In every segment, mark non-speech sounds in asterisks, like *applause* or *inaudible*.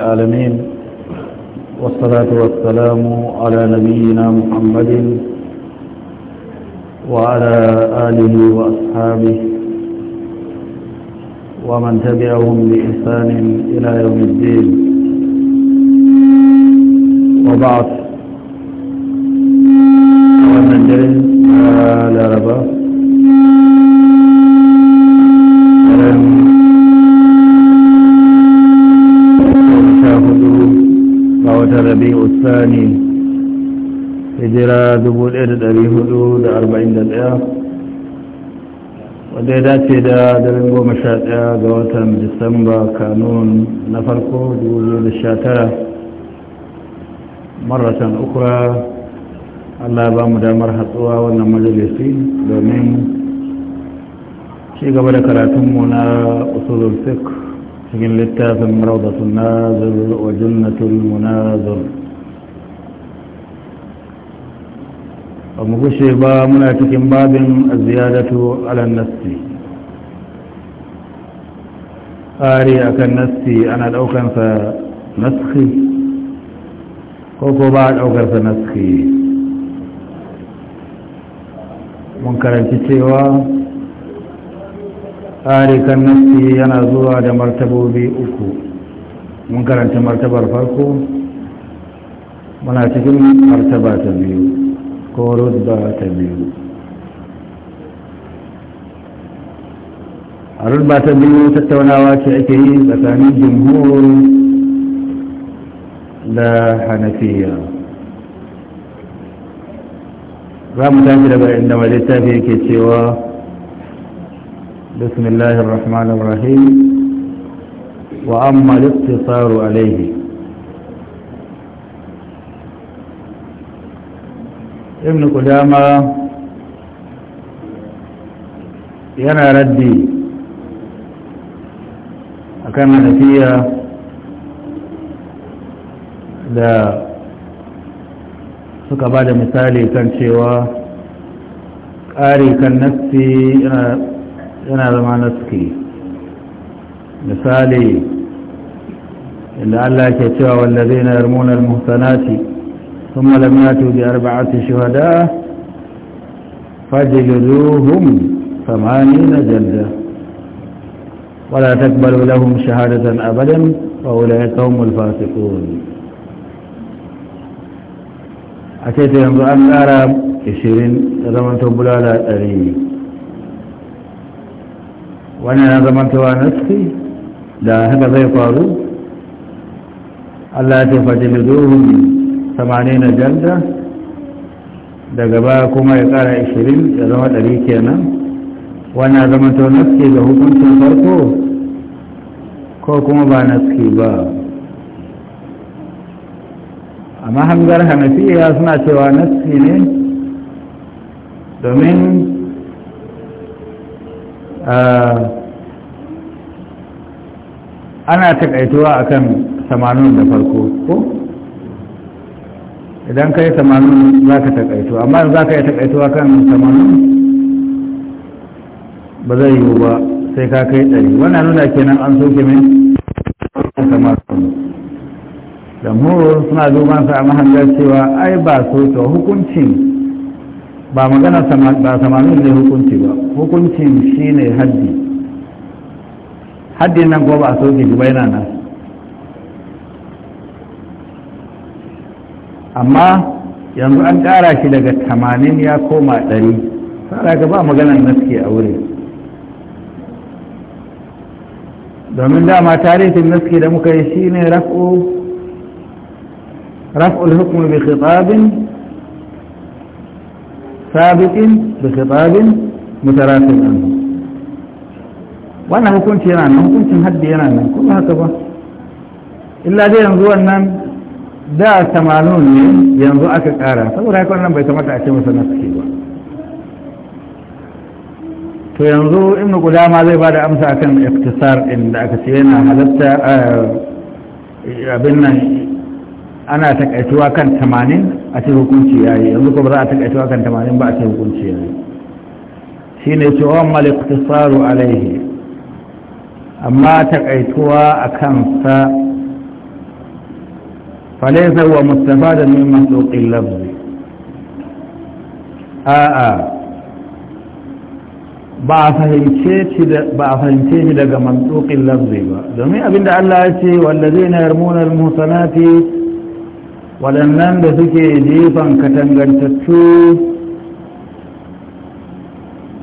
العالمين والصلاة والسلام على نبينا محمد وعلى آله وأصحابه ومن تبعهم بإحسان إلى يوم الدين وبعث ومن جلس على رباه wata rabi'u sani hijira 1441 wadda ya dace da daren goma sha daya ga watan disamba kanun na farko 2019 maratan ukura allah ba mu damar hatsuwa wannan majalisi domin ci gaba da karatunmu na usulul fiqh لكن للتافم روضة النازل وجنة المنازل ومقشي با منافق باب الزيادة على النفس قاري أكا النفس أنا الأوكا فنسخي كوكو بعد أوكا فنسخي منكرا تتشيوا منكرا tarikan nassi yana zuwa da martabobi uku mun karanta martabar farko muna cikin martaba ta biyu ko rutba ta biyu a rutba ta biyu tattaunawa ce ake yi tsakanin jimhur da hanafiya za mu tafi daga inda mai littafi yake cewa بسم الله الرحمن الرحيم وأما الاقتصار عليه ابن قدامى ينا ردي أكان نتية لا سكبال مثالي كان شيوا قاري كان نفسي ينا ما نسكي مثالي إلا الله كتوى والذين يرمون المهتنات ثم لم يأتوا بأربعة شهداء فجلدوهم ثمانين جلدة ولا تقبلوا لهم شهادة أبدا وأولئك هم الفاسقون أتيت ينظر أن أرى إشيرين إذا من تبلا لا أريد Wani na zama tawa naski da haka zai faru Allah ya tafa jami'in na janda daga baya kuma ya kara 20 ya zama 100 kenan Wani na zama tawa naski da hukuncin farko ko kuma ba naski ba amma hangar hanafiya suna cewa naski ne domin Eh, ana takaituwa kan samanin da farko ko idan ka yi samanin za ka takaitu amma za ka yi takaituwa kan samanin ba zai yiwu ba sai ka kai ɗari wannan nuna kenan an soke min samanin jamhur suna duban sa a mahangar cewa ai ba su ta hukuncin ba magana ba samanin ne hukunci ba hukuncin shi ne haddi haddi nan ko ba a soke shi ba yana nan amma yanzu an ƙara shi daga tamanin ya koma ɗari tsara ga ba maganan naske a wuri domin dama tarihin naske da muka yi shi ne raf'ul hukmu bi khitabin سابق بخطاب متراخ عنه wannan hukunci yana nan hukuncin haddi yana nan kuma haka ba illa dai yanzu wannan da tamanin ne yanzu aka kara saboda haka wannan bai kamata a ce na suke ba to yanzu ibnu gudama zai bada amsa kan iktisar din da aka ce yana halarta a nan ana takaituwa kan tamanin a ce hukunci ya yi yanzu ko ba za a takaituwa kan tamanin ba a ce hukunci ya yi shi ne ce wa maliktisaru alaihi amma takaituwa a kansa falaisar wa mustafa da min matsoƙin labzi a'a ba a fahimce shi daga matsoƙin labzi ba domin abinda Allah ya ce wallazi na yarmunar musanati waɗannan da suke jefan katangantattu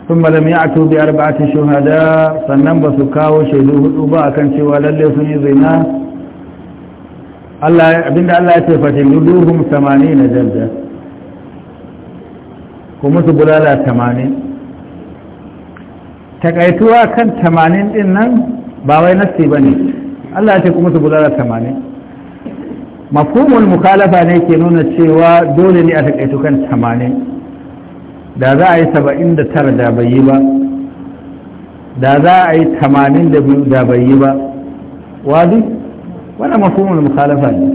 sun malam ya atu bi arba'ati shuhada sannan ba su kawo shaidu hudu ba akan cewa lalle sun yi zina abinda Allah ya ce fatin duduhum 80 na jalda kuma su bulala 80 takaituwa kan 80 din nan ba wai ba ne Allah ya ce kuma su bulala 80 mafhumul mukalafa ne ke nuna cewa dole ne a taƙaito kan tamane da za a yi 79 da bai yi ba da za a yi 82 da bai yi ba wadi wani mafhumul mukalafa ne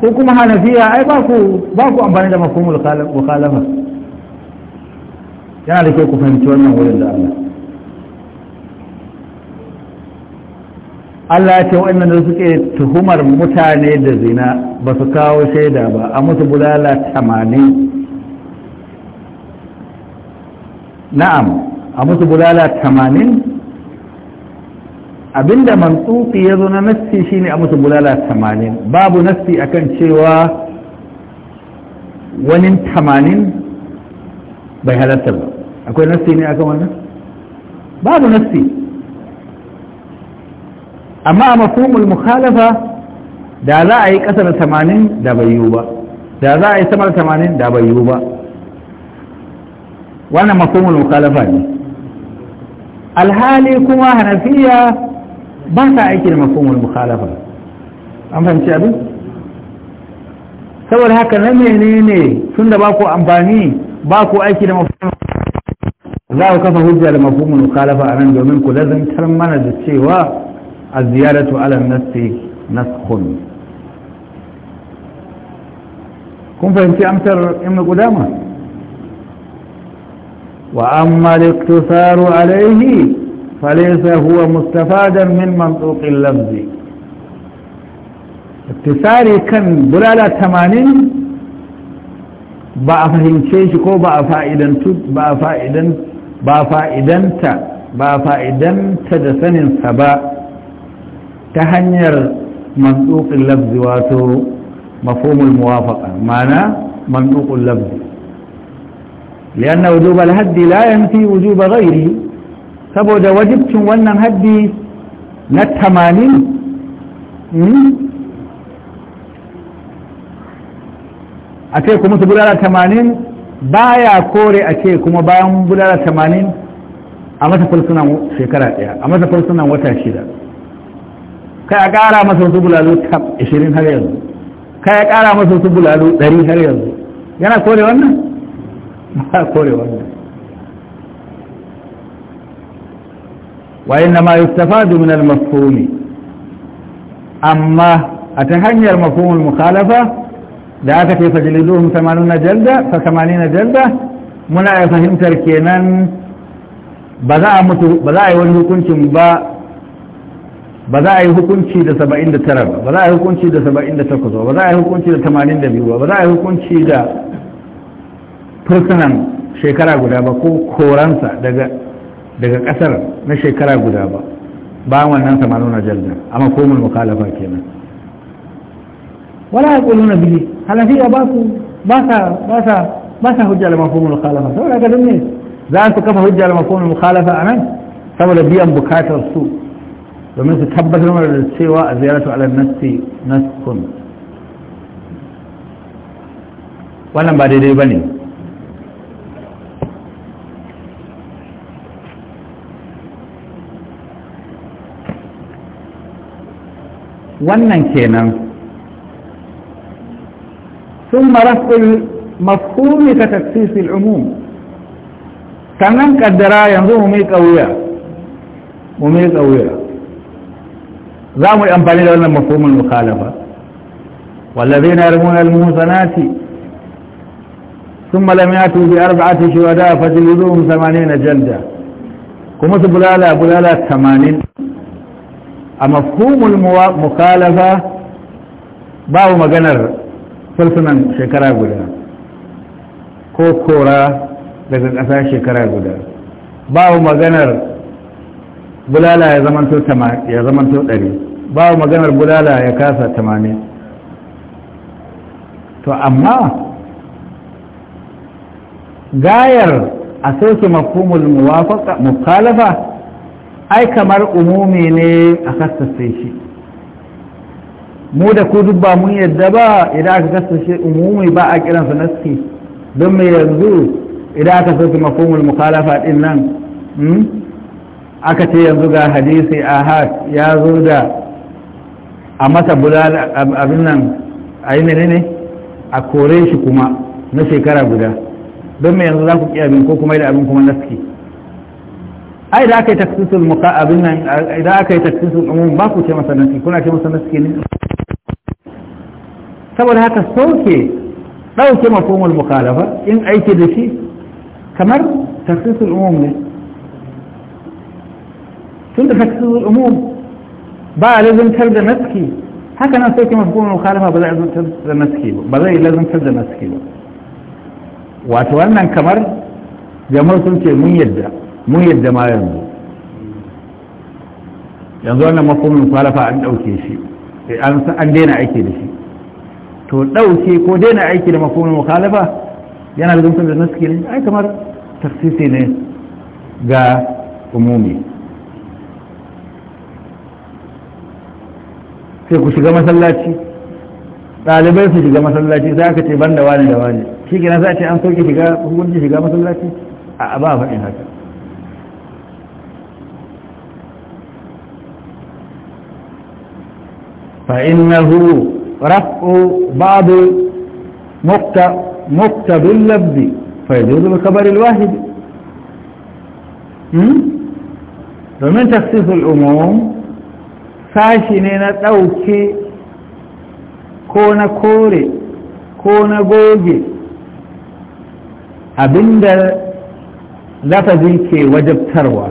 ko kuma hanafiya ai ba ku ba ku amfani da mafhumul mukhalafa yana da kyau ku fahimci wannan wurin da Allah Allah ya ce wa'annan da suke tuhumar mutane da zina ba su kawo shaida ba a musu bulala tamanin na'am a musu bulala tamanin abinda mantsuki ya zo na nassi shine a musu bulala tamanin babu nassi akan cewa wani tamanin bai halatta ba akwai nassi ne akan wannan babu nassi amma a mafhumul mukhalafa da za a yi ƙasa da tamanin da bai yiwu ba da za a yi sama da tamanin da bai yiwu ba wannan mafhumul mukhalafa ne alhali kuma hanafiya ba sa aiki da mafhumul mukhalafa an fahimci abin saboda haka na menene tun da ba ku amfani ba ku aiki da mafhumul za ku kafa hujja da mafhumul mukhalafa a nan domin ku lazantar mana da cewa a ziyaratu ala an kun fahimci amsar ibn qudama wa amma al-iktisaru alayhi falaysa huwa mustafadan min mantuq al-lafz iktisari kan bulala tamanin ba a fahimce shi ko ba a fa'idanta ba fa'idanta da saninsa ba ta hanyar mantuƙin labzi wato mafhumul muwafaqa ma'ana mantuƙin lafzi lianna wujub al-haddi la yanfi wujub ghairi saboda wajibcin wannan haddi na tamanin, hmm? a ce kuma su bulala tamanin baya kore a ce kuma bayan bulala tamanin a mata fursunan shekara daya a mata fursunan wata shida kai a ƙara masa wasu bulalu ishirin har yanzu kai a ƙara masa wasu bulalu ɗari har yanzu yana kore wannan ba kore wannan wa inna ma yustafadu min al-mafhumi amma a ta hanyar mafhumul mukhalafa da aka ce fajliduhum 80 jalda fa 80 jalda muna fahimtar kenan ba za a mutu ba za a yi wani hukuncin ba ba za a yi hukunci da saba'in 79 ba ba za a yi hukunci da saba'in 78 ba ba za a yi hukunci da tamanin 82 ba ba za a yi hukunci da fursunan shekara guda ba ko koransa daga kasar na shekara guda ba ba wannan samanu na jalda amma komul mukalafa kenan wala yaquluna bihi halafiya ba ku ba sa ba sa ba sa hujja da saboda ga ne za su kafa hujja da mafhumul mukhalafa anan saboda biyan bukatar su domin su tabbatar da cewa a ziyaratu ala nassi naskun wannan ba daidai ba ne wannan kenan sun marafin mafhumi ta taksisil umum sannan kaddara yanzu mu mai ƙauya mu mai ƙauya za mu yi amfani da wannan mafhumul mukhalafa wallazina yarmuna almuhsanati thumma lam yatu bi arba'ati shuhada fajliduhum 80 jalda kuma su bulala bulala tamanin a mafhumul mukhalafa babu maganar sulsunan shekara guda ko kora daga ƙasa shekara guda babu maganar bulala ya zamanto ya zamanto ɗari babu maganar bulala ya kasa tamanin to amma gayar a sai su mafhumul mukhalafa ai kamar umumi ne a kastace shi mu da ku duk ba mun yadda ba idan aka kastace umumi ba a kiransa naski don mai yanzu idan aka sai su mafhumul mukhalafa din aka ce yanzu ga hadisi ahad ya zo da a masa bulala abin nan a yi ne a kore shi kuma na shekara guda don mai yanzu za ku abin ko kuma da abin kuma naski ai da aka yi taksisul muka abin nan da aka yi taksisul umu ba ku ce masa suke kuna ce masa suke ne saboda haka sauke ɗauke mafumul mukalafa in aiki da shi kamar taksisul umu ne tun da taksus umum ba a lazantar da naski haka nan sauke mafhumin mukhalafa ba za a lazantar da naski ba ba zai lazantar da naski ba wato wannan kamar jama'ar sun ce mun yadda mun yadda ma yanzu yanzu wannan mafhumin mukhalafa an dauke shi an daina aiki da shi to dauke ko daina aiki da mafhumin mukhalafa yana lazantar da naski ne ai kamar tafsisi ne ga umumi sai ku shiga masallaci ɗalibai su shiga masallaci za ka ce ban da wani da wani shi gina za a ce an soke shiga hukunci shiga masallaci a ba a faɗin haka فإنه رفع بعض مكتب اللفظ فيجوز بخبر الواحد فمن تخصيص الأموم sashi ne na ɗauke ko na kore ko na goge abinda lafazin ke wajabtarwa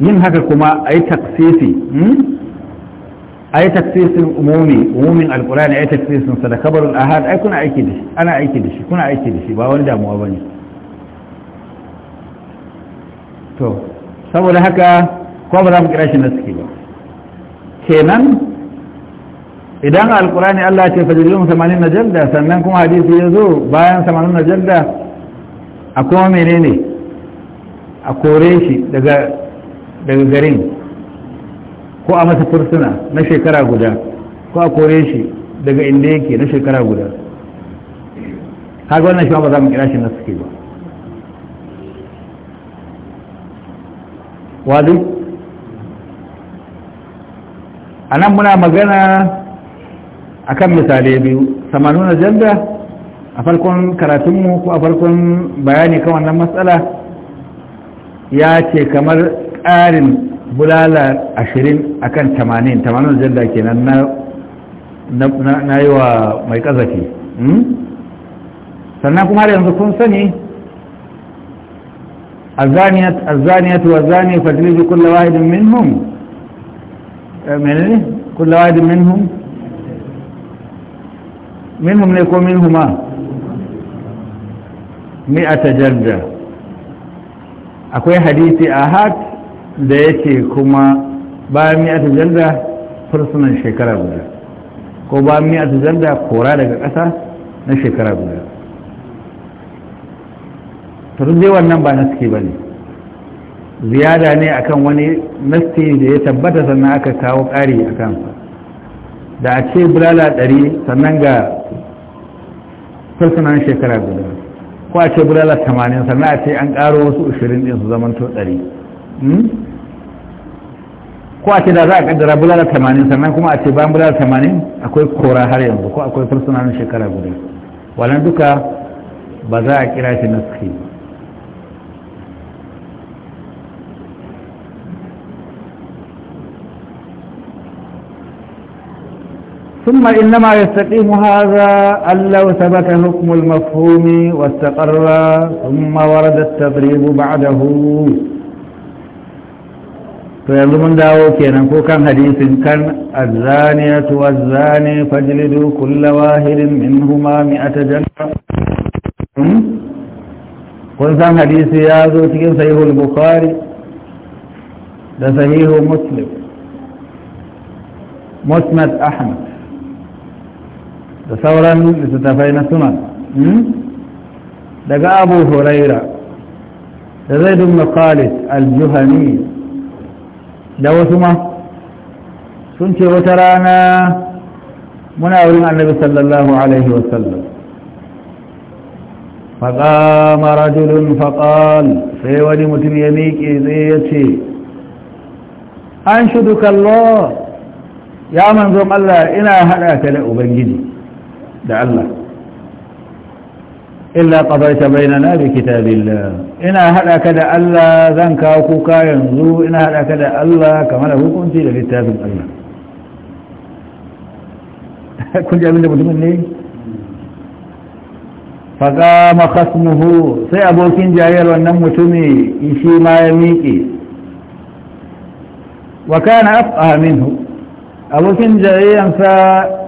yin haka kuma a yi taksisi hmm? a yi taksisin umumi umumin ne a yi taksisin sadakabar al'ahad ai kuna aiki da shi ana aiki da shi kuna aiki da shi ba wani damuwa ba ne to saboda haka ko ba za mu kira shi suke ba kenan idan alkurani Allah ce fajirun 80 na jalda sannan kuma hadisi ya zo bayan samanin na jalda a kuma menene a kore shi daga garin ko a masa fursuna na shekara guda ko a kore shi daga inda yake na shekara guda kaga wannan shi ba za mu kira shi suke ba wadi a nan muna magana a kan misalai biyu na janda a farkon karatunmu ko a farkon bayani kan wannan matsala ya ce kamar ƙarin bulala ashirin a kan tamanin tamanin janda kenan na yi wa mai ƙazafi hmm? sannan kuma har yanzu kun sani الزانية والزاني فاجلدوا كل واحد منهم Eh, menene kullu wahidin minhum minhum ne ko minhuma mi'ata jarda akwai hadisi ahad da yake kuma ba bayan mi'ata jarda fursunan shekara guda ko ba bayan mi'ata jarda kora daga ƙasa na shekara guda to duk wannan ba na suke ne. ziyada ne akan wani nasti da ya tabbata sannan aka kawo ƙari a kansa da a ce bulala ɗari sannan ga fursunan shekara guda ko a ce bulala tamanin sannan a ce an ƙaro wasu ashirin ɗin su to ɗari hmm? ko a ce da za a ƙaddara bulala tamanin sannan kuma a ce bayan bulala tamanin akwai kora har yanzu ko akwai fursunan shekara guda walan duka ba za a kira shi naski ba ثم إنما يستقيم هذا أن لو ثبت حكم المفهوم واستقر ثم ورد التضريب بعده فيلزم من داو كينان كان حديث كان الزانية والزاني فاجلدوا كل واحد منهما مئة جنة قل سان حديث يا ذو cikin البخاري al-bukhari da sahih muslim da sauran littattafai na suna hmm? daga abu huraira da zai dumna khalid Al-Juhani da wasu ma sun ce wata rana muna wurin annabi sallallahu alaihi wasallam فقام رجل فقال سيوني متن يميك إذيتي أنشدك الله يا من ذو الله إنا هلاك لأبنجدي da Allah illa qadarta bainana bi kitabillah ina hada ka da Allah zan kawo kuka yanzu ina hada ka da Allah kamar hukunci da littafin Allah *laughs* kun ji abinda mutumin ne faga makasmuhu sai abokin jayar wannan mutumi shi ma ya miƙe wa kana afqa minhu abokin jayyansa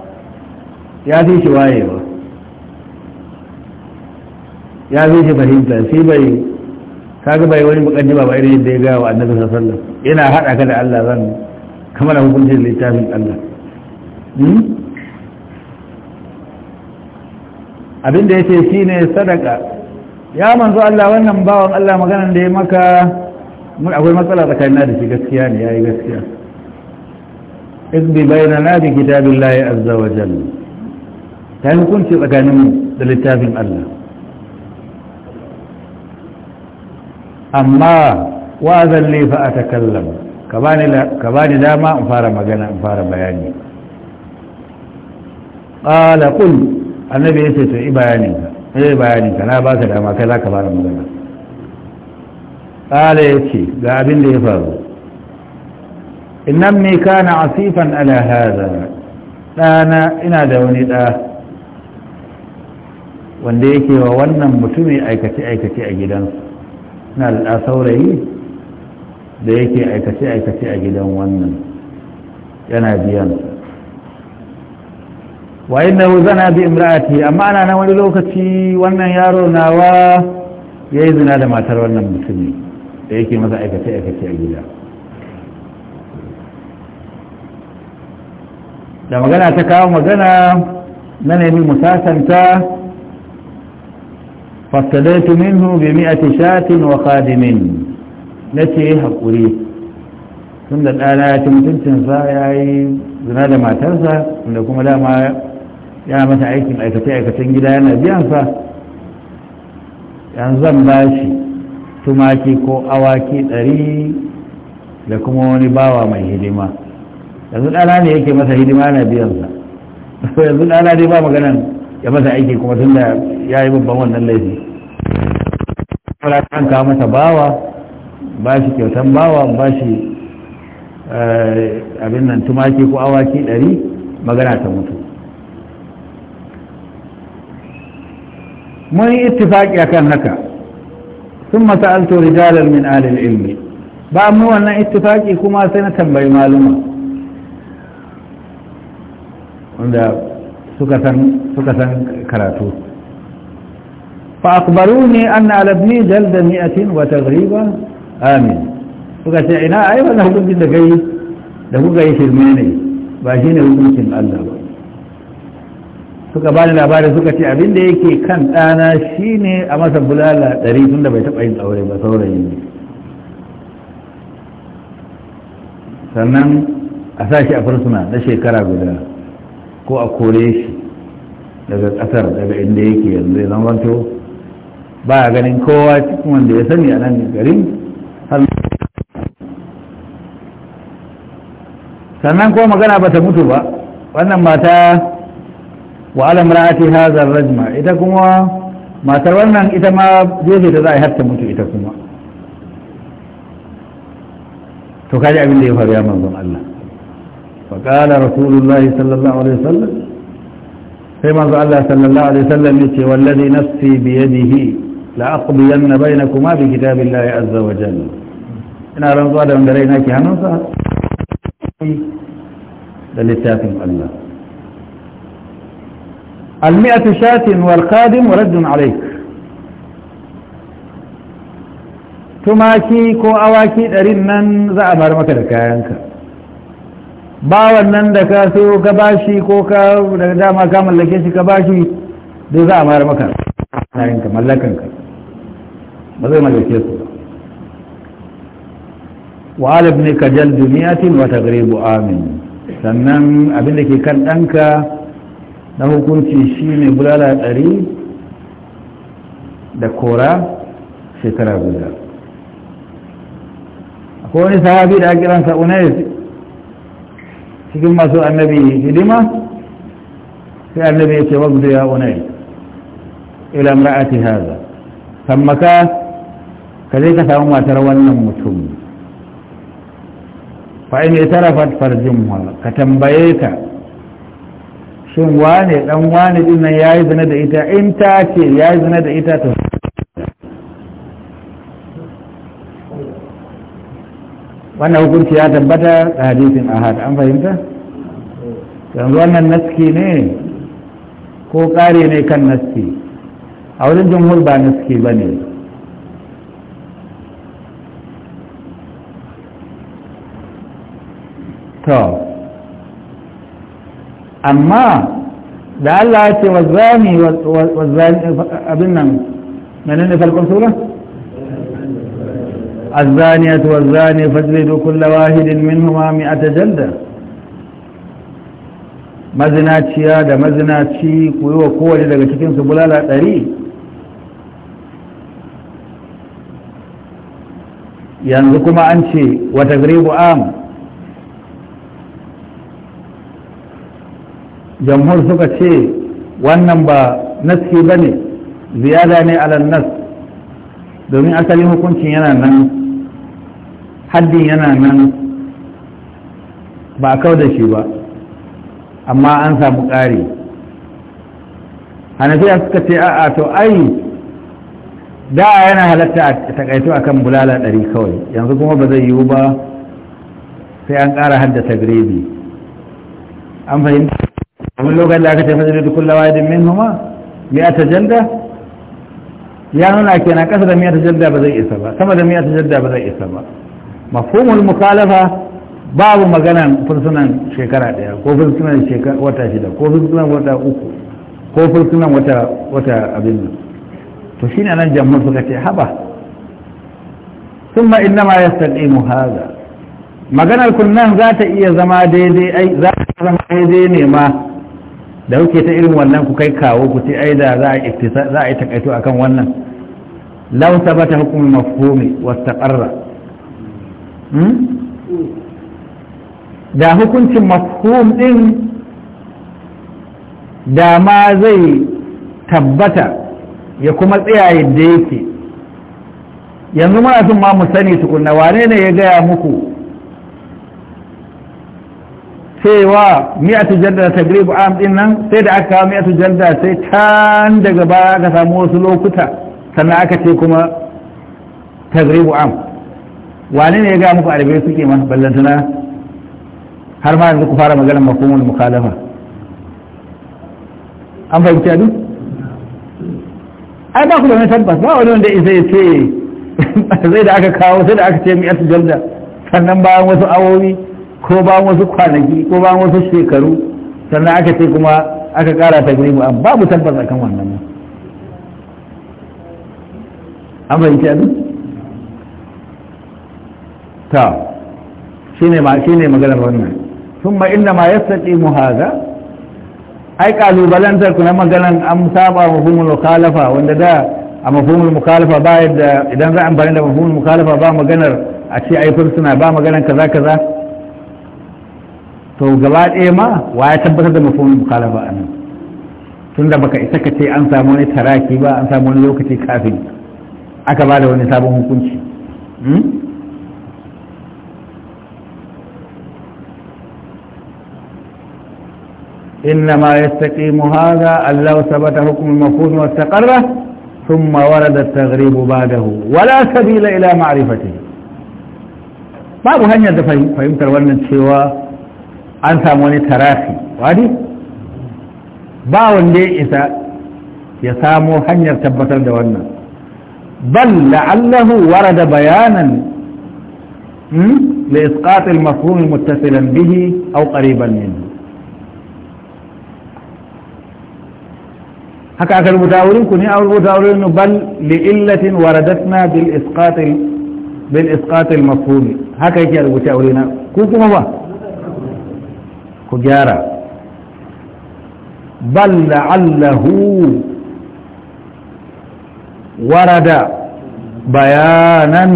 ya fi shi wayewa ya fi shi fahimta sai bai kaga bai wani bukanni ba irin yadda ya gawa annabi sallallahu alaihi wasallam yana hada ka da Allah zan kamar hukuncin littafin Allah hmm? da ya ce shi ne sadaka ya manzo Allah wannan bawan Allah maganan da ya maka mun akwai matsala tsakanin da shi gaskiya ne ya yi gaskiya izbi bayyana na bi kitabillahi azza wa jalla ta yi hukunci tsakanin da littafin Allah amma wa'azan ne fa a takallam ka ba ni dama in fara magana in fara bayani ƙala kun annabi ya ce to yi bayaninka yi bayaninka na ba ka dama kai za ka fara magana ƙala ya ce ga abin da ya faru innan me kana asifan ala hada ɗana ina da wani ɗa wanda yake wa wannan mutumin aikace-aikace a gidansu na da saurayi da yake aikace-aikace a gidan wannan yana biyan wa inna zana bi imra'ati amma ana na wani lokaci wannan yaro nawa Ya yi zina da matar wannan mutumi da yake masa aikace-aikace a gida da magana ta kawo magana na nemi musasanta فافتديت منه بمئة شاة وخادم نتي حقوري tun da ɗana ya ci mutuncinsa ya yi zina da matarsa da kuma dama ya masa aikin aikace-aikacen gida yana biyansa yanzu zan ba shi tumaki ko awaki ɗari da kuma wani bawa mai hidima yanzu ɗana ne yake masa hidima yana biyansa yanzu ɗana dai ba maganan ya masa aiki kuma tun da ya yi babban wannan laifi saura ta kawo masa bawa ba shi kyautan bawa ba shi eh, abin nan tumaki ko awaki ɗari magana ta mutu mun yi ittifaki akan haka sun masa alto rijalar min alil ilmi ba mu wannan ittifaki kuma sai na tambayi maluma wanda suka san karatu فأخبروني أن على ابني جلد مئة وتغريبا آمين وقالت ina ai wannan hukuncin da kai da kuka yi shirme ne ba shi ne hukuncin Allah ba suka bani labari suka ce abin da yake kan ɗana shine a masa bulala ɗari tun da bai taɓa yin ba saurayi ne sannan a sa shi a fursuna na shekara guda ko a kore shi daga ƙasar daga inda yake yanzu ya zama to ba a ganin kowa cikin wanda ya sani a nan garin sannan ko magana ba ta mutu ba wannan mata wa alamra'ati hazar rajma ita kuma matar wannan ita ma jefe ta za a yi hatta mutu ita kuma to kaji abin da ya faru ya manzon Allah فقال رسول الله صلى الله عليه sai manzo Allah sallallahu alaihi wasallam yace wallazi nafsi biyadihi la'aqdiyanna bainakuma bi kitabillahi azza wa jalla ina rantsuwa da wanda raina ke hannunsa da littafin Allah المئة شاة والقادم ورد عليك tumaki ko awaki ɗarin nan za a bar kayanka bawan nan da ka so ka bashi ko ka daga dama ka mallake shi ka bashi za a ba zai mallake su ba wa alif ne ka jal duniyatin wa tagribu amin sannan abin da ke kan ɗanka na hukunci shi ne bulala ɗari da kora shekara guda akwai wani sahabi da akiransa unais cikin masu annabi hidima sai annabi ya ce wabda ya unais ila mra'ati haza kammaka ka zai ka samu matar wannan mutum fa in itarafat farjin ka tambaye ka shin wane dan wane din nan yayi zina da ita in ta ce yayi zina da ita to wannan hukunci ya tabbata a hadisin ahad an fahimta yanzu wannan naski ne ko kare ne kan naski a wurin jumhur ba naski ba ne amma da Allah ya ce wazani abin nan menene falkon sura الزانية والزاني فاجلدوا كل واحد منهما مئة جلدة mazinaciya da mazinaci ku yi wa kowane daga cikinsu bulala ɗari yanzu kuma an ce wata gribu am jamhur suka ce wannan ba naski ba ne ziyada ne alal nas domin asalin hukuncin yana nan haddin yana nan ba a da shi ba amma an samu ƙari hanafiya suka ce a'a to ai da yana halatta a takaito akan bulala ɗari kawai yanzu kuma ba zai yiwu ba sai an ƙara haddasa gredi an fahimta domin lokacin da aka ce fasiri da kulla wahidin min huma mi'ata janda ya nuna kenan kasa da mi'ata janda ba zai isa ba sama da mi'ata janda ba zai isa ba mafhumul mukalafa babu maganan fursunan shekara daya ko fursunan wata shida ko fursunan wata uku ko fursunan wata wata abin nan to shine nan jamhur suka ce haba thumma innama yastaqimu hadha maganar kunnan za ta iya zama daidai za ta zama daidai ne ma da kuke ta irin wannan ku kai kawo ku ce ai da za a iftisa za a yi takaito akan wannan law sabata hukum mafhumi wastaqarra hmm da hukuncin mafhum din da ma zai tabbata ya kuma tsaya yadda yake yanzu muna sun ma mu sani tukunna wane ne ya gaya muku cewa miyatu ta gribu am din nan sai da aka kawo miyatu jarda sai can daga baya aka samu wasu lokuta sannan aka ce kuma gribu am wani ne ya ga muku alibai suke ma ballantana har ma yanzu ku fara maganar mafhumul mukalafa an fahimci abin ai ba ku da wani tabbas ba wani wanda isa ya ce *laughs* sai da aka kawo sai da aka ce mi'atu jarda sannan bayan wasu awowi ko ba wasu kwanaki ko ba wasu shekaru sannan aka ce kuma aka kara ta guri babu tabbas akan wannan an fahimci abin ta shine ma shine maganar wannan thumma inda ma mu haza. ai kalubalantar ku na maganar an saba mafhumul mukhalafa wanda da a mafumin mukhalafa ba yadda idan za a amfani da mafumin mukhalafa ba maganar a ce ai fursuna ba maganar kaza kaza to gaba ɗaya ma wa ya tabbatar da mafumin bukala ba a nan tun da baka isa ka ce an samu wani taraki ba an samu wani lokaci kafin aka ba da wani sabon hukunci إنما يستقيم هذا الله ثبت حكم المفهوم واستقره ثم ورد التغريب بعده ولا سبيل إلى معرفته babu hanyar da fahimtar wannan cewa an samu wani tarafi wani ba wanda ya isa ya samu hanyar tabbatar da wannan bal la'allahu warada bayanan la isqatil المفهوم muttasilan bihi aw qariban minhu haka aka rubuta wurin ku ne a rubuta wurin bal li illatin waradatna bil isqatil bil isqatil al mafhum haka yake rubuta wurin ku kuma ba ku gyara bal la'allahu warada bayanan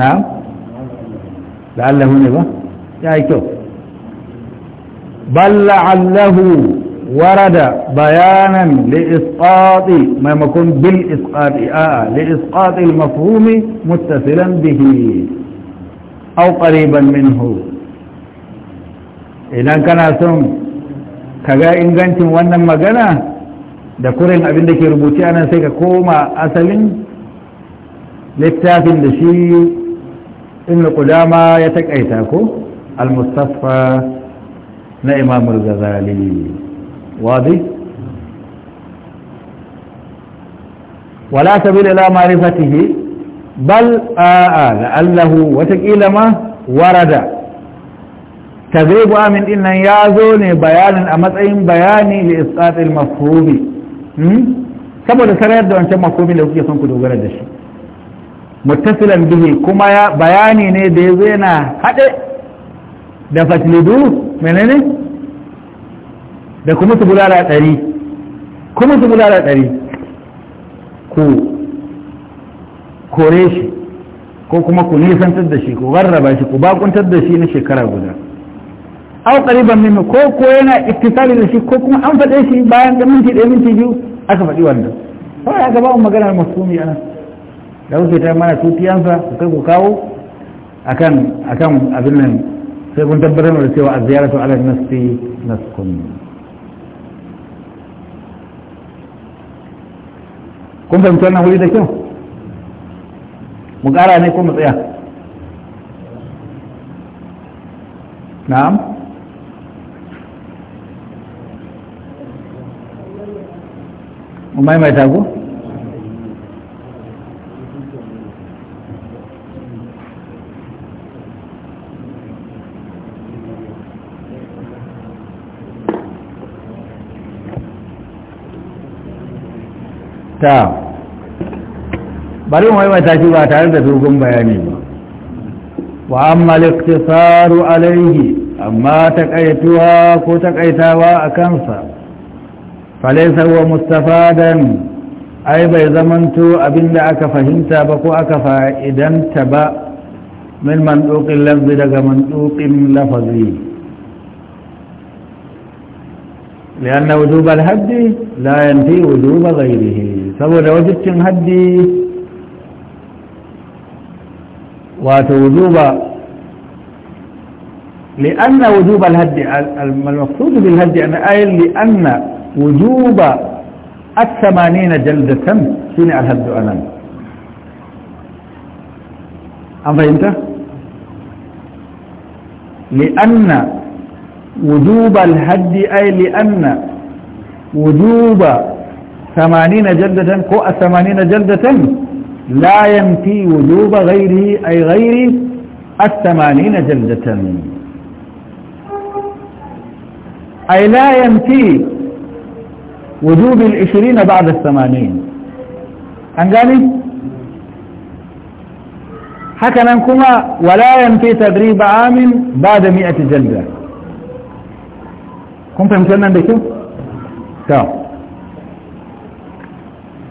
na'am la'allahu ne ba ya yi kyau bal la'allahu warada bayanan li'isqati maimakon bil isqati a li'isqati al-mafhumi muttasilan bihi aw qariban minhu idan kana son ka ga ingancin wannan magana da kurin abin da ke rubuce anan sai ka koma asalin littafin da shi inda kudama ya taƙaita ko al-mustafa na imamul gazali wadi wala sabila la ma'rifatihi bal a'a la'allahu wa taqila ma warada tazribu amin din nan ya zo ne bayanin a matsayin bayani da isqatil mafobi, hmm? saboda sarayar da wancan mafhumi da kuke son ku dogara da shi muttasilan bihi kuma ya bayani ne da yazo na hade da fatlidu menene da kuma tubulala dari kuma tubulala dari ku kore shi ko kuma ku nisantar da shi ku garraba shi ku bakuntar da shi na shekara guda أو قريبا من كوكو هنا اتصال إلى شيء كوكو أم فدأي شيء بايان من إيه تيد من تيد أكفا دي وانا فهو يا كبا أم مقالها المصومي أنا لو سيتام مانا سوتي أنفا وكيف وكاو أكان أكان أبنن سيكون تبرن ورسيوا الزيارة على نفسي نسكن كم فهمتوا أنه وليدك يوم مقالة أنا يكون مطيئة نعم mai ku ta bari mai ba tare da dogon bayani ba wa amma liktisaru alaihi amma takaituwa ko takaitawa a kansa فليس هو مستفادا أي بي زمنتو أبن لأك فهمت بكو أك فائدا تبا من منطوق اللفظ لك منطوق لفظي لأن وجوب الهد لا ينفي وجوب غيره سبب وجدت وات وتوجوب لأن وجوب الهد المقصود بالهد أي لأن وجوب الثمانين جلدة سنع الهد أمام أم أنت لأن وجوب الهد أي لأن وجوب ثمانين جلدة قوة الثمانين جلدة لا ينفي وجوب غيره أي غير الثمانين جلدة أي لا ينفي وجوب العشرين بعد الثمانين أنجاني حكى لنكما ولا ينفي تدريب عام بعد مئة جلدة كنت مكنا بك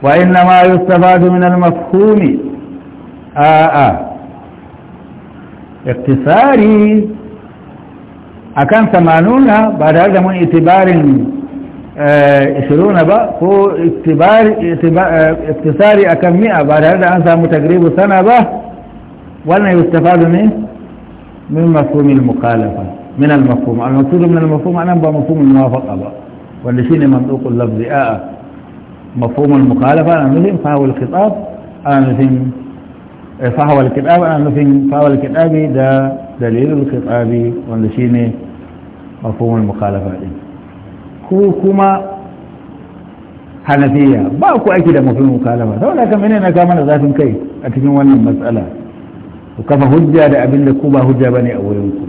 وإنما يستفاد من المفهوم آآ آه، آآ آه. اقتصاري أكان ثمانون بعد هذا من اعتبار سلونا بقى فو اتبار اتساري اكمئة بعد هذا انسى متقريب سنة بقى وانا يستفاد من من مفهوم المخالفة من المفهوم المقصود من المفهوم انا بقى مفهوم الموافقة بقى والنشين منطوق اللفظ اه مفهوم المقالفة انا نفهم فهو الخطاب انا نفهم فهو الكتاب انا نفهم فهو الكتاب ده دليل الخطاب والنشين مفهوم المقالفة دي. ku kuma hanafiya ba ku aiki da mafi mukalama da wanda mene na kama da zafin kai a cikin wannan matsala ku kafa hujja da abin da ku ba hujja bane a wurinku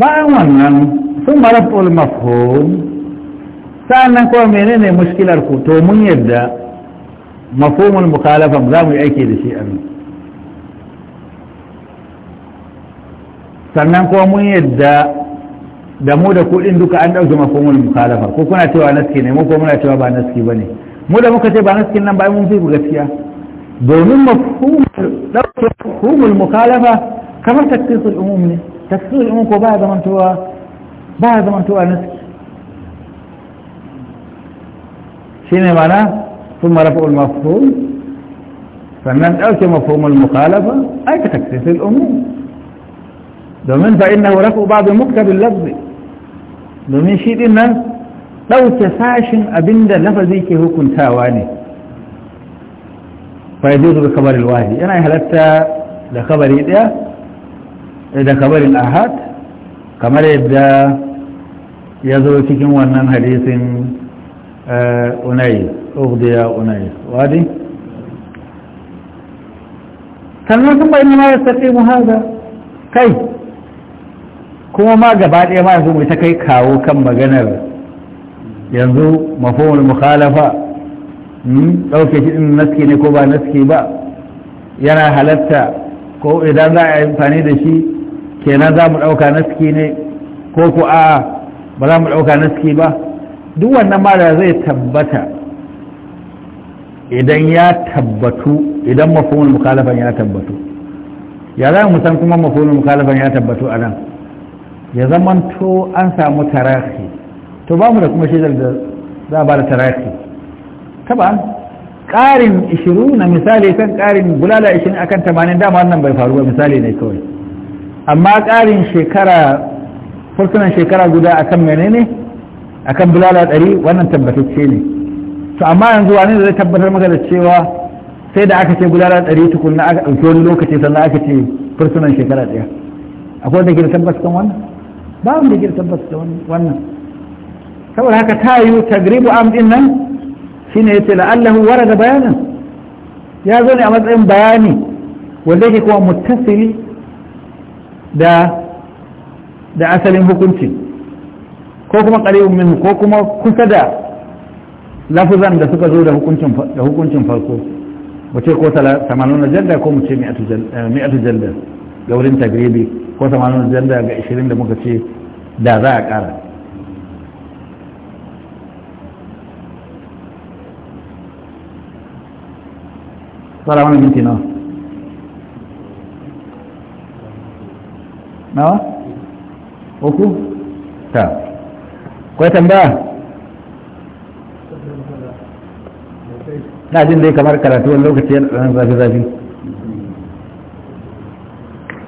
bayan wannan sun maraful mafhum sa'annan kuma menene mushkilar ku to mun yadda mafhumul mukalafa za mu yi aiki da shi a nan. sannan kuma mun yadda da mu da kuɗin duka an ɗauke makomul mukhalafa ko kuna cewa naski ne mu ko muna cewa ba naski ba ne mu da muka ce ba naskin nan ba mun fi ku gaskiya domin mafhumul ɗauke makomul mukhalafa kamar takfisul umum ne takfisul umum ko ba ya zamantowa ba ya zamantowa naski shine mana sun marafa'ul mafhum sannan ɗauke mafhumul mukhalafa aika takfisul umum domin fa innahu rafu ba'd muktabil lafz domin shi din nan dauke sashin abinda lafazi ke hukuntawa ne fa yajuzu bi khabar al-wahid yana halatta da khabari daya da khabarin ahad kamar yadda ya zo cikin wannan hadisin unai ughdiya unai wadi sannan kuma inna ya saqimu hada kai kuma ma gaba ɗaya ma yanzu mai ta kai kawo kan maganar yanzu mafahimul mukhalafa hmm, ɗauke shi ɗin naske ne ko ba naske ba yana halatta ko idan za a yi amfani da shi kenan za mu ɗauka naske ne ko ku a ba za mu ɗauka naske ba duk wannan ma da zai tabbata idan ya tabbatu idan mafahimul mukhalafan ya tabbatu ya za mu san kuma mafahimul mukhalafan ya tabbatu a nan ya zamanto an samu tarafi to ba mu da kuma shaidar da za a ba da tarafi taba ƙarin 20 na misali kan ƙarin bulala 20 akan 80 dama wannan bai faru ba misali ne kawai amma ƙarin shekara fursunan shekara guda akan menene akan bulala 100 wannan tabbatacce ne to amma yanzu wani da zai tabbatar maka da cewa sai da aka ce bulala 100 na aka ɗauki wani lokaci sannan aka ce fursunan shekara ɗaya akwai da ke da tabbatar kan wannan ba mu da girtar bas da wannan saboda haka ta yi tagribu am din nan shine yace la'allahu da bayanan ya zo ne a matsayin bayani wanda yake kuma muttasili da da asalin hukunci ko kuma qaribun minhu ko kuma kusa da lafuzan da suka zo da hukuncin da hukuncin farko wace ko 80 jalla ko mu ce 100 eh, jalla ga wurin tagribi ko samanin janda ga 20 da muka ce da za a kara tsara wani minti nawa nawa? uku? ta kwai tambaya na jin dai kamar karatu wani lokaci yana zafi-zafi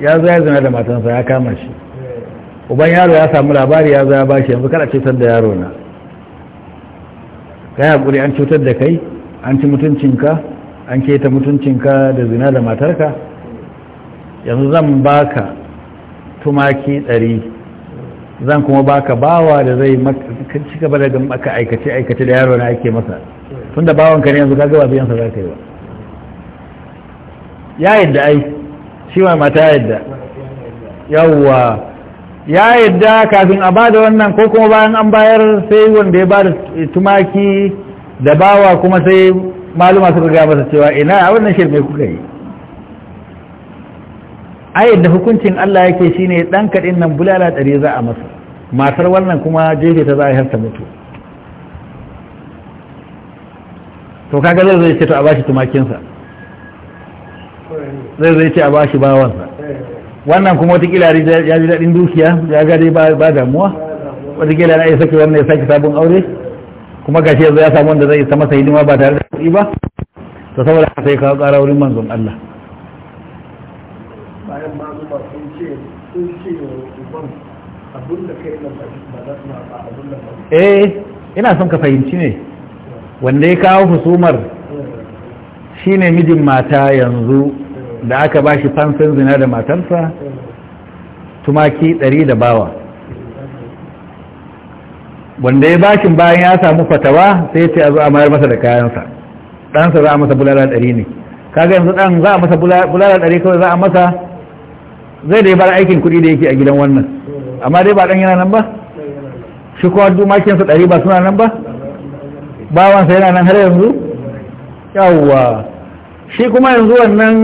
ya zo ya zina da matansa ya kama shi uban yaro ya samu labari ya zo ya bashi yanzu kada cutar da yaro na kai hakuri an cutar da kai an ci mutuncinka an keta mutuncinka da zina da matarka yanzu zan baka tumaki ɗari zan kuma baka bawa da zai ci gaba da maka aikace aikace da yaro na ake masa tun da bawanka ne yanzu ka gaba biyansa za ka yi ba ya da ai shi ma mata yadda yawwa ya yadda kafin a bada wannan ko kuma bayan an bayar sai wanda ya bada tumaki da bawa kuma sai maluma suka ga masa cewa ina a wannan shirme kuka yi a yadda hukuncin Allah yake ne dan kaɗin nan bulala ɗari za a masa matar wannan kuma jefe ta za a harta mutu to kaga zai zai ce to a bashi tumakinsa zai zai ce a bashi bawansa wannan kuma watakila ya ji daɗin dukiya ya dai ba damuwa watakila na iya saki wannan ya saki sabon aure kuma gashi yanzu ya samu wanda zai ta masa hidima ba tare da kuɗi ba to saboda haka sai kawo ƙara wurin manzon Allah bayan ma zuba sun ce sun ce uban da kai nan ba za su ba da ba eh ina son ka fahimci ne wanda ya kawo husumar eh. shine mijin mata yanzu da aka ba shi fansan zina da matarsa tumaki ɗari da bawa wanda ya bashin bayan ya samu fatawa sai ce a zo a mayar masa da kayansa ɗansa za a masa bulala ɗari ne kaga yanzu ɗan za a masa bulala ɗari kawai za a masa zai da ya bar aikin kuɗi da yake a gidan wannan amma dai ba ɗan yana nan ba shi kuma tumakinsa ɗari ba suna nan ba bawansa yana nan har yanzu yawwa shi kuma yanzu wannan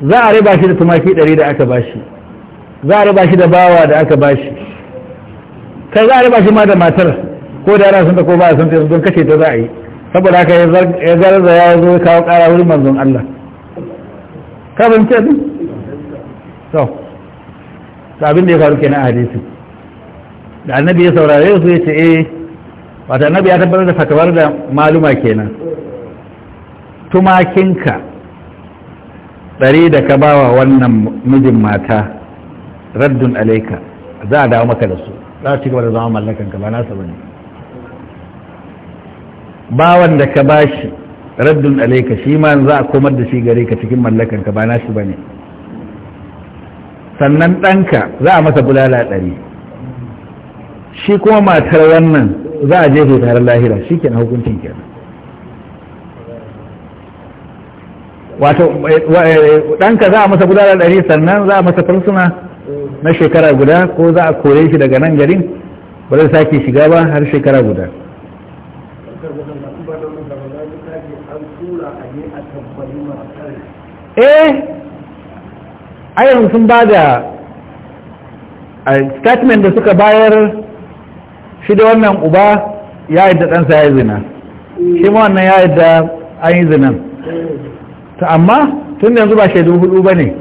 za a riba shi da tumaki ɗari da aka bashi za a riba shi da bawa da aka bashi kai za a riba shi ma da matar ko da yana sun da ko ba sun ta don kashe ta za a yi saboda haka ya zarza ya zo kawo kara wurin manzon Allah ka ce din? to abin da ya faru kenan a hadisi da annabi ya saurare su ya ce eh wata annabi ya tabbatar da fatawar da maluma kenan tumakinka ɗari da ka bawa wannan mijin mata raddun alaika za a dawo maka da su za a ci gaba da zama mallakan ka ba nasa ne bawan da ka ba shi raddun alaika shi ma za a komar da shi gare ka cikin mallakan ka ba ba ne sannan ɗanka za a masa bulala ɗari shi kuma matar wannan za a jefe tare lahira shi kenan hukuncin kenan wato eh, eh, ɗanka za a masa guda da ɗari sannan za a masa farsuna na shekara guda ko za a kore shi daga nan garin ba zai sake shiga ba har shekara guda eh ayyar sun ba da statement da suka bayar shi da wannan uba ya yadda ɗansa ya yi zina shi ma wannan ya yadda an yi zinan ta amma tun yanzu ba shaidu hudu ba ne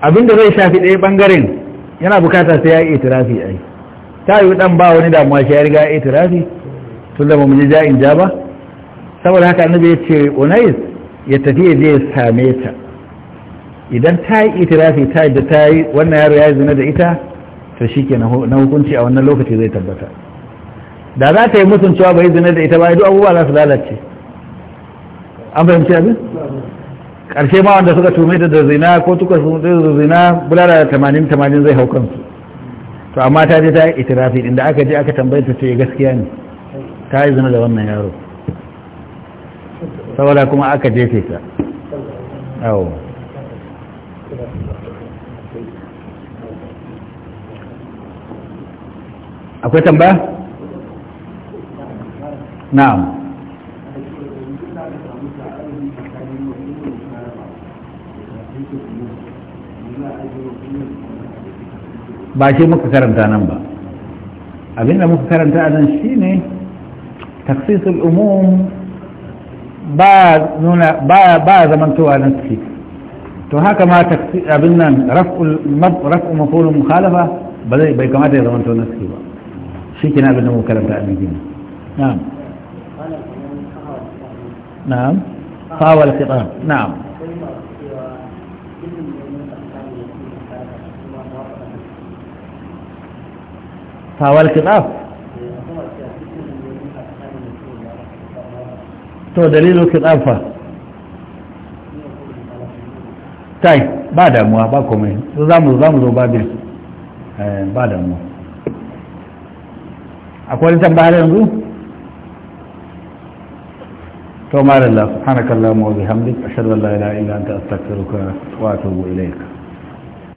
abinda zai shafi ɗaya ɓangaren yana bukata sai ya yi itirafi a yi ta yi ɗan ba wani damuwa shi ya riga ya yi itirafi tun da mu ja in ja ba saboda haka annabi ya ce onais ya tafi ya je ya same ta idan ta yi itirafi ta da ta yi wannan yaro ya yi zina da ita to shi ke na hukunci a wannan lokaci zai tabbata da za ta yi mutuncewa bai zina da ita ba duk abubuwa za su lalace an fahimci abin karshe ma wanda suka tume da zina ko tuka tume da zina bulala da tamanin tamanin zai hau kansu to amma ta je ta yi itirafi inda aka je aka tambaye ta ce gaskiya ne ta yi zina da wannan yaro saboda kuma aka jefe ta awo akwai tambaya na'am ba shi muka karanta nan ba abinda muka karanta a nan shi ne taksisul umum ba ya zamantowa nan ciki to haka ma abin nan raf'u mafulun mukhalafa ba zai bai kamata ya zamantowa nan ciki ba shi kina abinda muka karanta a nan na'am na'am fawal kitab na'am tawal kitab to dalilu kitab fa tai ba damuwa ba komai su zamu zamu zo ba eh ba damuwa akwai tambayar yanzu to ma da Allah subhanakallahumma wa bihamdika ashhadu an la ilaha illa anta astaghfiruka wa atubu ilayka